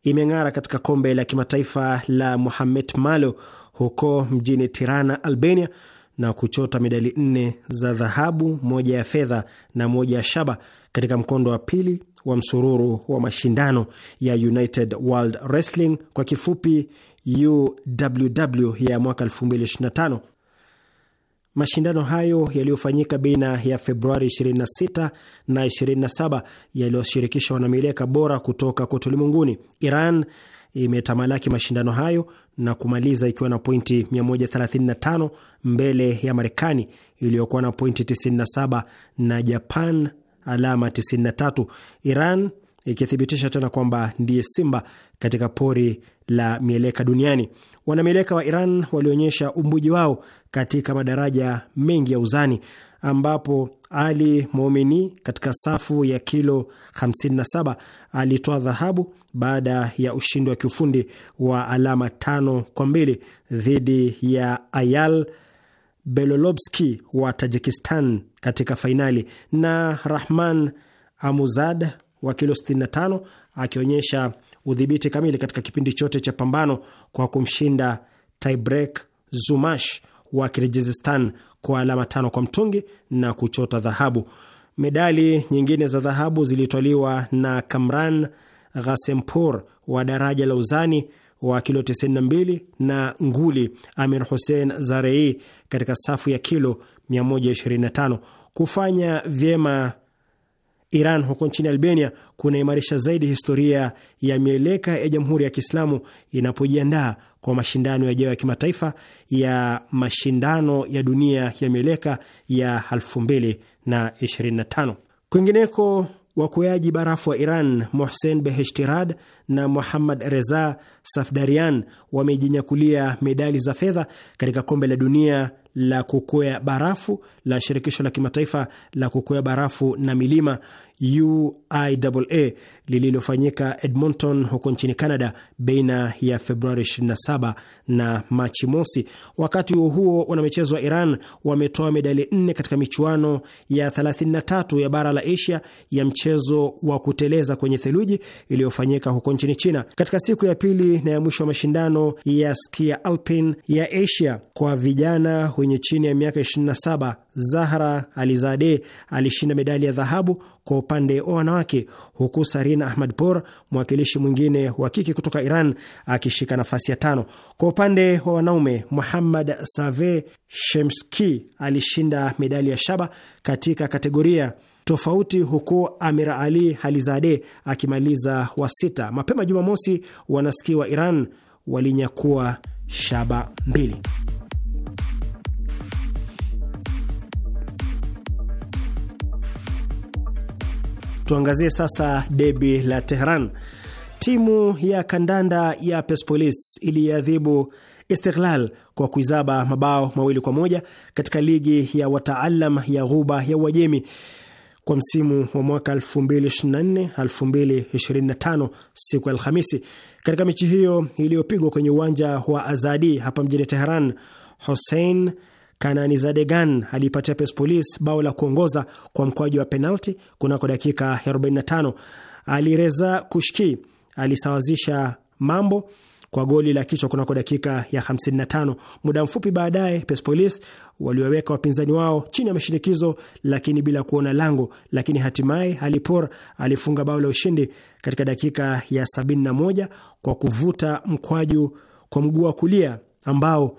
imeng'ara katika kombe la kimataifa la muhamed Malo huko mjini Tirana, Albania, na kuchota medali nne za dhahabu, moja ya fedha na moja ya shaba katika mkondo wa pili wa msururu wa mashindano ya United World Wrestling kwa kifupi UWW ya mwaka 2025. Mashindano hayo yaliyofanyika baina ya Februari 26 na 27 yaliyoshirikisha wanamieleka bora kutoka kote ulimwenguni. Iran imetamalaki mashindano hayo na kumaliza ikiwa na pointi 135 mbele ya Marekani iliyokuwa na pointi 97 na Japan alama 93. Iran ikithibitisha tena kwamba ndiye simba katika pori la mieleka duniani. Wanamieleka wa Iran walionyesha umbuji wao katika madaraja mengi ya uzani, ambapo Ali Momini katika safu ya kilo 57 alitoa dhahabu baada ya ushindi wa kiufundi wa alama tano kwa mbili dhidi ya Ayal Belolobski wa Tajikistan katika fainali, na Rahman Amuzad wa kilo 65 akionyesha udhibiti kamili katika kipindi chote cha pambano kwa kumshinda tibrek Zumash wa Kirgizistan kwa alama tano kwa mtungi na kuchota dhahabu. Medali nyingine za dhahabu zilitwaliwa na Kamran Ghasempur wa daraja la uzani wa kilo 92 na nguli Amir Hussein Zarei katika safu ya kilo 125. Kufanya vyema Iran huko nchini Albania kunaimarisha zaidi historia ya mieleka ya Jamhuri ya Kiislamu inapojiandaa kwa mashindano yajayo ya kimataifa ya mashindano ya dunia ya mieleka ya 2025. Kwingineko, wakuaji barafu wa Iran Mohsen Beheshtirad na Muhammad Reza Safdarian wamejinyakulia medali za fedha katika kombe la dunia la kukwea barafu la shirikisho la kimataifa la kukwea barafu na milima UIAA lililofanyika Edmonton huko nchini Canada baina ya Februari 27 na Machi mosi. Wakati huo huo, wanamichezo wa Iran wametoa medali nne katika michuano ya 33 ya bara la Asia ya mchezo wa kuteleza kwenye theluji iliyofanyika huko nchini China. Katika siku ya pili na ya mwisho wa mashindano ya skia alpin ya Asia kwa vijana wenye chini ya miaka 27 Zahra Alizade alishinda medali ya dhahabu kwa upande wa wanawake, huku Sarina Ahmadpour, mwakilishi mwingine wa kike kutoka Iran, akishika nafasi ya tano. Kwa upande wa wanaume, Muhammad Save Shemski alishinda medali ya shaba katika kategoria tofauti huku amir Ali Alizade akimaliza wa sita. Mapema Jumamosi, wanaski wa Iran walinyakua shaba mbili. Tuangazie sasa debi la Tehran. Timu ya kandanda ya Persepolis iliadhibu Istiklal kwa kuizaba mabao mawili kwa moja katika ligi ya wataalam ya Ghuba ya Uajemi kwa msimu wa mwaka 2024 2025 siku ya Alhamisi. Katika mechi hiyo iliyopigwa kwenye uwanja wa Azadi hapa mjini Teheran, Hussein Kanani Zadegan alipatia Persepolis bao la kuongoza kwa mkwaji wa penalti kunako dakika 45. Alireza Kushki alisawazisha mambo kwa goli la kichwa kunako dakika ya 55. Muda mfupi baadaye, Persepolis walioweka wapinzani wao chini ya mashinikizo, lakini bila kuona lango. Lakini hatimaye Alipor alifunga bao la ushindi katika dakika ya 71 kwa kuvuta mkwaju kwa mguu wa kulia ambao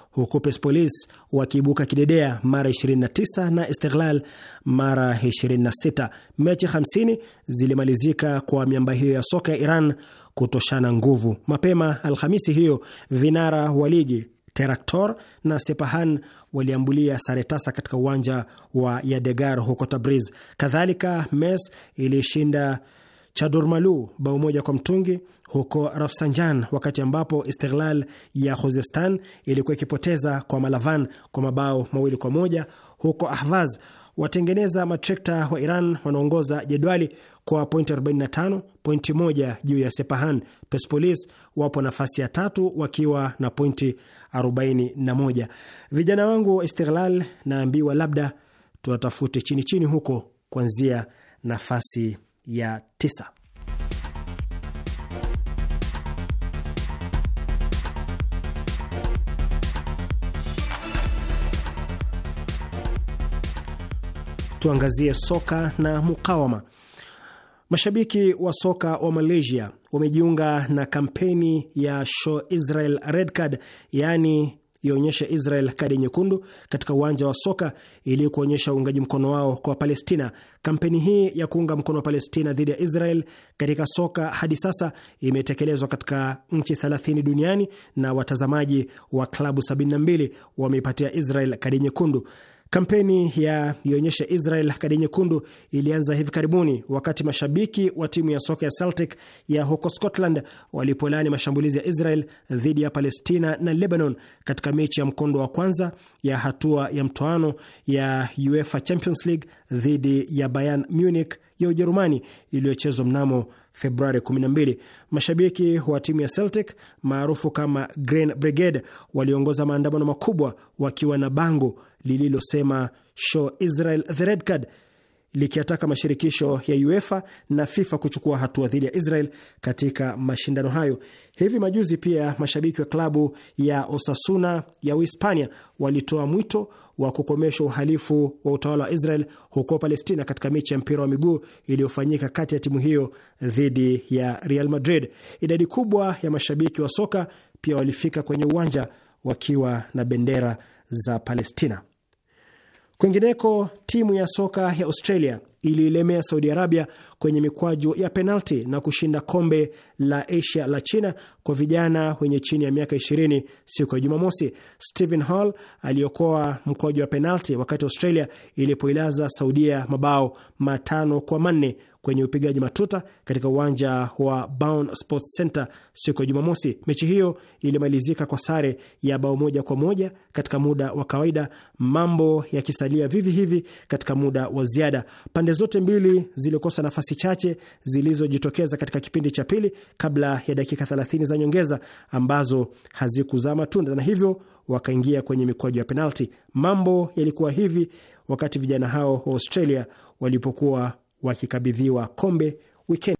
huku Persepolis wakiibuka kidedea mara 29 na Istiklal mara 26. Mechi 50 zilimalizika kwa miamba hiyo ya soka ya Iran kutoshana nguvu. Mapema Alhamisi hiyo vinara wa ligi Teraktor na Sepahan waliambulia sare tasa katika uwanja wa Yadegar huko Tabriz. Kadhalika, Mes ilishinda cha bao moja kwa mtungi huko Rafsanjan, wakati ambapo istiklal ya Khuzestan ilikuwa ikipoteza kwa Malavan kwa mabao mawili kwa moja huko Ahvaz. Watengeneza matrekta wa Iran wanaongoza jedwali kwa pointi 45, pointi moja juu ya Sepahan. Persepolis wapo nafasi ya tatu wakiwa na pointi 41. Vijana wangu wa naambiwa labda tuwatafute chini chini huko kuanzia nafasi ya tisa. Tuangazie soka na mukawama. Mashabiki wa soka wa Malaysia wamejiunga na kampeni ya Show Israel Red Card, yaani yaonyesha Israel kadi nyekundu katika uwanja wa soka ili kuonyesha uungaji mkono wao kwa Palestina. Kampeni hii ya kuunga mkono wa Palestina dhidi ya Israel katika soka hadi sasa imetekelezwa katika nchi 30 duniani na watazamaji wa klabu 72 wameipatia Israel kadi nyekundu. Kampeni ya ionyesha Israel kadi nyekundu ilianza hivi karibuni wakati mashabiki wa timu ya soka ya Celtic ya huko Scotland walipolaani mashambulizi ya Israel dhidi ya Palestina na Lebanon katika mechi ya mkondo wa kwanza ya hatua ya mtoano ya UEFA Champions League dhidi ya Bayern Munich ya Ujerumani iliyochezwa mnamo Februari 12. Mashabiki wa timu ya Celtic maarufu kama Green Brigade waliongoza maandamano makubwa wakiwa na bango lililosema show Israel the red card, likiataka mashirikisho ya UEFA na FIFA kuchukua hatua dhidi ya Israel katika mashindano hayo. Hivi majuzi pia mashabiki wa klabu ya Osasuna ya Uhispania walitoa mwito wa kukomesha uhalifu wa utawala wa Israel huko Palestina katika mechi ya mpira wa miguu iliyofanyika kati ya timu hiyo dhidi ya Real Madrid. Idadi kubwa ya mashabiki wa soka pia walifika kwenye uwanja wakiwa na bendera za Palestina. Kwingineko, timu ya soka ya Australia iliilemea Saudi Arabia kwenye mikwaju ya penalti na kushinda kombe la Asia la China kwa vijana wenye chini ya miaka 20 siku ya Jumamosi. Stephen Hall aliokoa mkwaju wa penalti wakati Australia ilipoilaza Saudia mabao matano kwa manne kwenye upigaji matuta katika uwanja wa Bound Sports Center siku ya Jumamosi. Mechi hiyo ilimalizika kwa sare ya bao moja kwa moja katika muda wa kawaida, mambo yakisalia vivi hivi katika muda wa ziada. Pande Pande zote mbili zilikosa nafasi chache zilizojitokeza katika kipindi cha pili kabla ya dakika 30 za nyongeza ambazo hazikuzaa matunda na hivyo wakaingia kwenye mikwaju ya penalti. Mambo yalikuwa hivi wakati vijana hao wa Australia walipokuwa wakikabidhiwa kombe wikendi.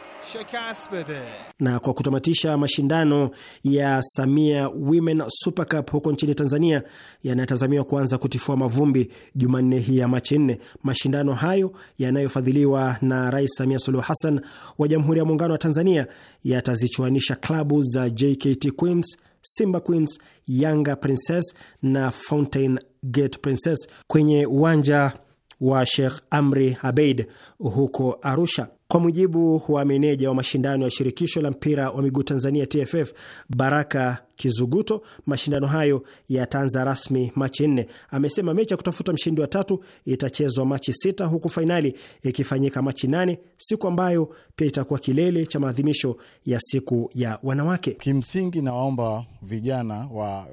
Na kwa kutamatisha mashindano ya Samia Women Super Cup huko nchini Tanzania yanatazamiwa kuanza kutifua mavumbi Jumanne hii ya Machi nne. Mashindano hayo yanayofadhiliwa na Rais Samia Suluhu Hassan wa Jamhuri ya Muungano wa Tanzania yatazichuanisha klabu za JKT Queens, Simba Queens, Yanga Princess na Fountain Gate Princess kwenye uwanja wa Sheikh Amri Abeid huko Arusha. Kwa mujibu wa meneja wa mashindano ya shirikisho la mpira wa miguu Tanzania TFF Baraka Kizuguto. Mashindano hayo yataanza rasmi Machi nne. Amesema mechi ya kutafuta mshindi wa tatu itachezwa Machi sita, huku fainali ikifanyika Machi nane, siku ambayo pia itakuwa kilele cha maadhimisho ya siku ya wanawake. Kimsingi nawaomba vijana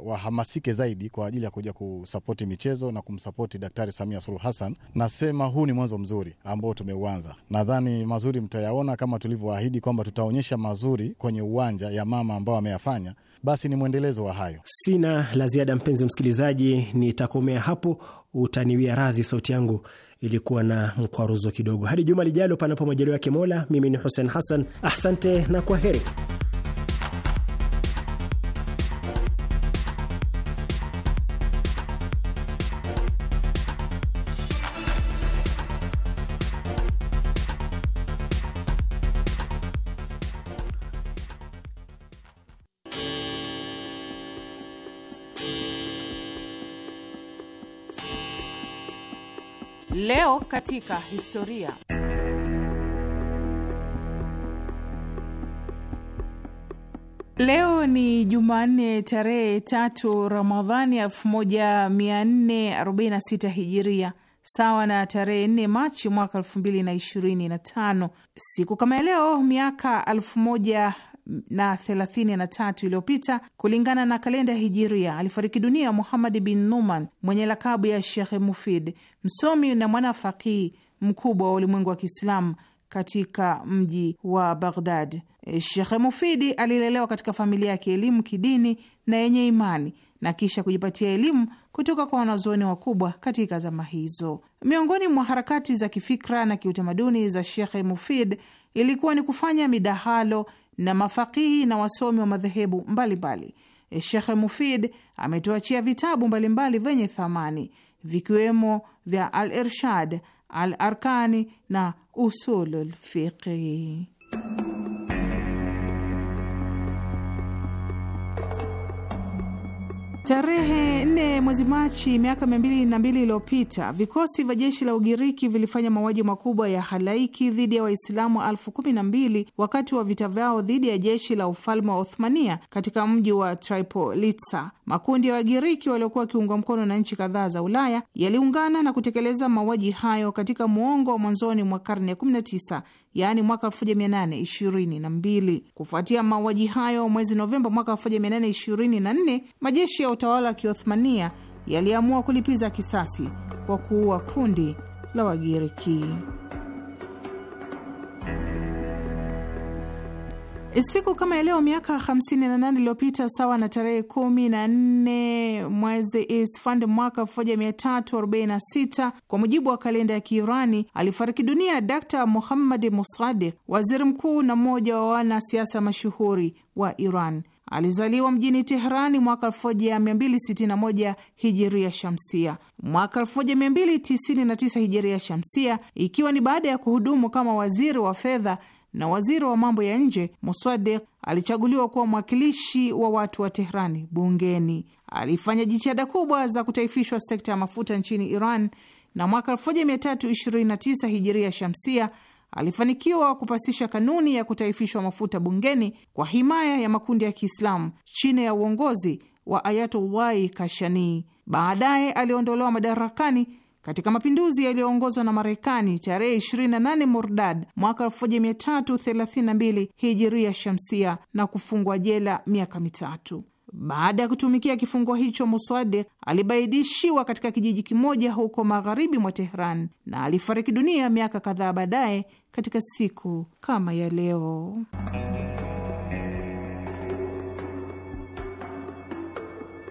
wahamasike wa zaidi kwa ajili ya kuja kusapoti michezo na kumsapoti Daktari Samia Suluhu Hassan. Nasema huu ni mwanzo mzuri ambao tumeuanza, nadhani mazuri mtayaona kama tulivyoahidi kwamba tutaonyesha mazuri kwenye uwanja ya mama ambao ameyafanya basi ni mwendelezo wa hayo. Sina la ziada, mpenzi msikilizaji, nitakomea hapo. Utaniwia radhi, sauti yangu ilikuwa na mkwaruzo kidogo. Hadi juma lijalo, panapo majaliwa yake Mola, mimi ni Hussein Hassan, asante na kwa heri. Leo katika historia. Leo ni Jumanne tarehe tatu Ramadhani 1446 Hijiria, sawa na tarehe 4 Machi mwaka 2025. Siku kama leo miaka 1000 na thelathini na tatu iliyopita kulingana na kalenda ya Hijiria, alifariki dunia Muhamad bin Numan mwenye lakabu ya shekhe Mufid, msomi na mwanafakihi mkubwa wa ulimwengu wa Kiislamu katika mji wa Baghdad. Shekhe Mufidi alilelewa katika familia ya kielimu, kidini na yenye imani na kisha kujipatia elimu kutoka kwa wanazuoni wakubwa katika zama hizo. Miongoni mwa harakati za kifikra na kiutamaduni za Shekhe Mufid ilikuwa ni kufanya midahalo na mafakihi na wasomi wa madhehebu mbalimbali. E, Shekhe Mufid ametuachia vitabu mbalimbali vyenye thamani vikiwemo vya Al Irshad, Al Arkani na Usulul Fiqhi. Tarehe nne mwezi Machi miaka mia mbili na mbili iliyopita vikosi vya jeshi la Ugiriki vilifanya mauaji makubwa ya halaiki dhidi ya Waislamu elfu kumi na mbili wakati wa vita vyao dhidi ya jeshi la ufalme wa Othmania katika mji wa Tripolitsa. Makundi ya Wagiriki waliokuwa wakiungwa mkono na nchi kadhaa za Ulaya yaliungana na kutekeleza mauaji hayo katika muongo wa mwanzoni mwa karne ya tisa yaani mwaka 1822. Kufuatia mauaji hayo, mwezi Novemba mwaka 1824, majeshi ya utawala wa Kiothmania yaliamua kulipiza kisasi kwa kuua kundi la Wagiriki. Eh, siku kama ya leo miaka 58 iliyopita, sawa na tarehe 14 mwezi Isfand mwaka 1346 kwa mujibu wa kalenda ya Kiirani, alifariki dunia Dr Muhammad Musadik, waziri mkuu na mmoja wa wanasiasa mashuhuri wa Iran. Alizaliwa mjini Teherani mwaka 1261 hijiria shamsia. Mwaka 1299 hijiria shamsia, ikiwa ni baada ya kuhudumu kama waziri wa fedha na waziri wa mambo ya nje Moswade alichaguliwa kuwa mwakilishi wa watu wa Tehrani bungeni. Alifanya jitihada kubwa za kutaifishwa sekta ya mafuta nchini Iran na mwaka 1329 hijiria shamsia alifanikiwa kupasisha kanuni ya kutaifishwa mafuta bungeni kwa himaya ya makundi ya Kiislamu chini ya uongozi wa Ayatullahi Kashani. Baadaye aliondolewa madarakani katika mapinduzi yaliyoongozwa na Marekani tarehe 28 Mordad mwaka 1332 hijiria shamsia na kufungwa jela miaka mitatu. Baada ya kutumikia kifungo hicho, Muswadik alibaidishiwa katika kijiji kimoja huko magharibi mwa Tehran na alifariki dunia miaka kadhaa baadaye katika siku kama ya leo.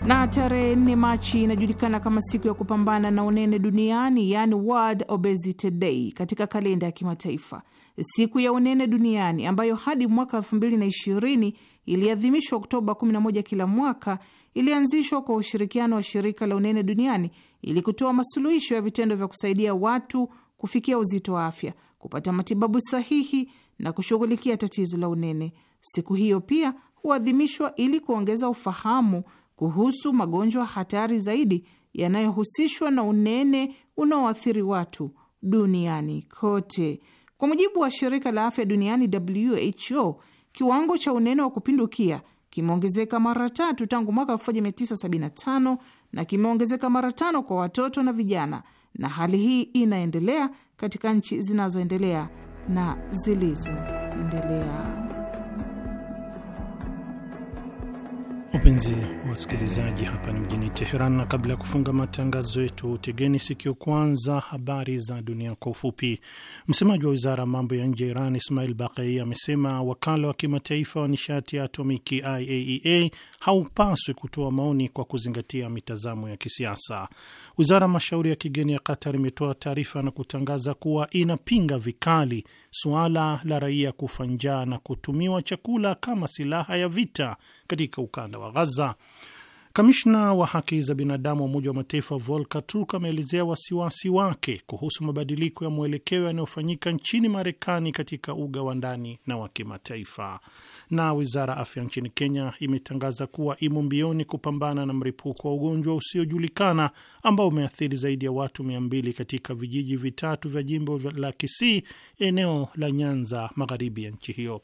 Na tarehe 4 Machi inajulikana kama siku ya kupambana na unene duniani, yani World Obesity Day katika kalenda ya kimataifa. Siku ya unene duniani ambayo hadi mwaka 2020 iliadhimishwa Oktoba 11 kila mwaka, ilianzishwa kwa ushirikiano wa shirika la unene duniani ili kutoa masuluhisho ya vitendo vya kusaidia watu kufikia uzito wa afya, kupata matibabu sahihi na kushughulikia tatizo la unene. Siku hiyo pia huadhimishwa ili kuongeza ufahamu kuhusu magonjwa hatari zaidi yanayohusishwa na unene unaoathiri watu duniani kote. Kwa mujibu wa shirika la afya duniani WHO, kiwango cha unene wa kupindukia kimeongezeka mara tatu tangu mwaka 1975 na kimeongezeka mara tano kwa watoto na vijana, na hali hii inaendelea katika nchi zinazoendelea na zilizoendelea. Wapenzi wasikilizaji, hapa ni mjini Teheran, na kabla ya kufunga matangazo yetu, tegeni sikio kwanza habari za dunia kwa ufupi. Msemaji wa wizara ya mambo ya nje ya Iran Ismail Baqei amesema wakala wa kimataifa wa nishati ya atomiki IAEA e haupaswi kutoa maoni kwa kuzingatia mitazamo ya kisiasa. Wizara ya mashauri ya kigeni ya Qatar imetoa taarifa na kutangaza kuwa inapinga vikali suala la raia kufa njaa na kutumiwa chakula kama silaha ya vita katika ukanda wa Ghaza. Kamishna wa haki za binadamu wa Umoja wa Mataifa Volker Turk ameelezea wasiwasi wake kuhusu mabadiliko ya mwelekeo yanayofanyika nchini Marekani katika uga wa ndani na wa kimataifa. Na wizara ya afya nchini Kenya imetangaza kuwa imo mbioni kupambana na mripuko wa ugonjwa usiojulikana ambao umeathiri zaidi ya watu mia mbili katika vijiji vitatu vya jimbo la Kisii, eneo la Nyanza, magharibi ya nchi hiyo.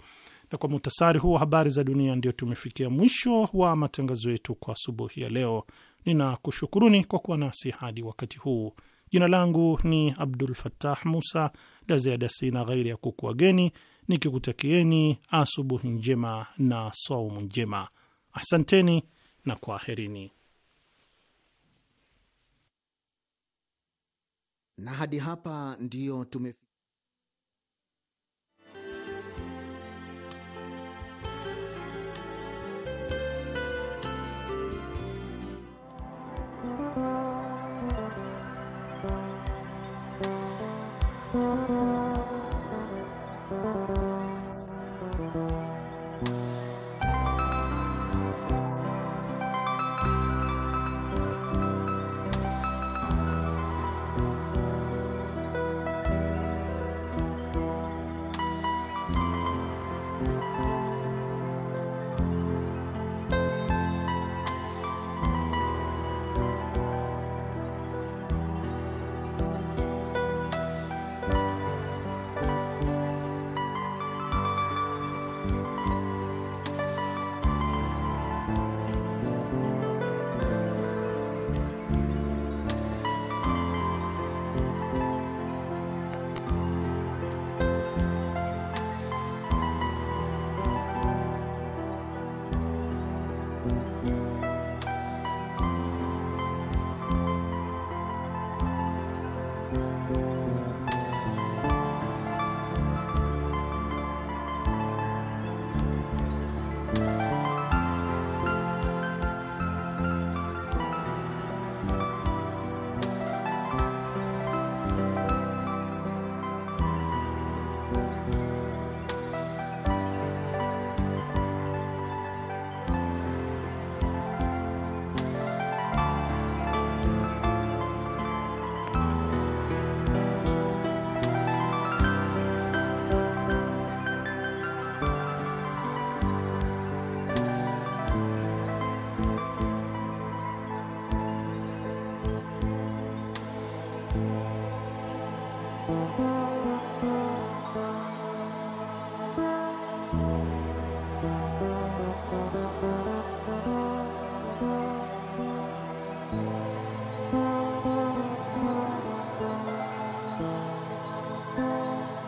Na kwa muhtasari huu wa habari za dunia, ndio tumefikia mwisho wa matangazo yetu kwa asubuhi ya leo. Ninakushukuruni kwa kuwa nasi hadi wakati huu. Jina langu ni Abdul Fattah Musa. La ziada sina ghairi ya kukuageni nikikutakieni asubuhi njema na saumu njema. Asanteni na kwaherini. Na hadi hapa ndiyo tumef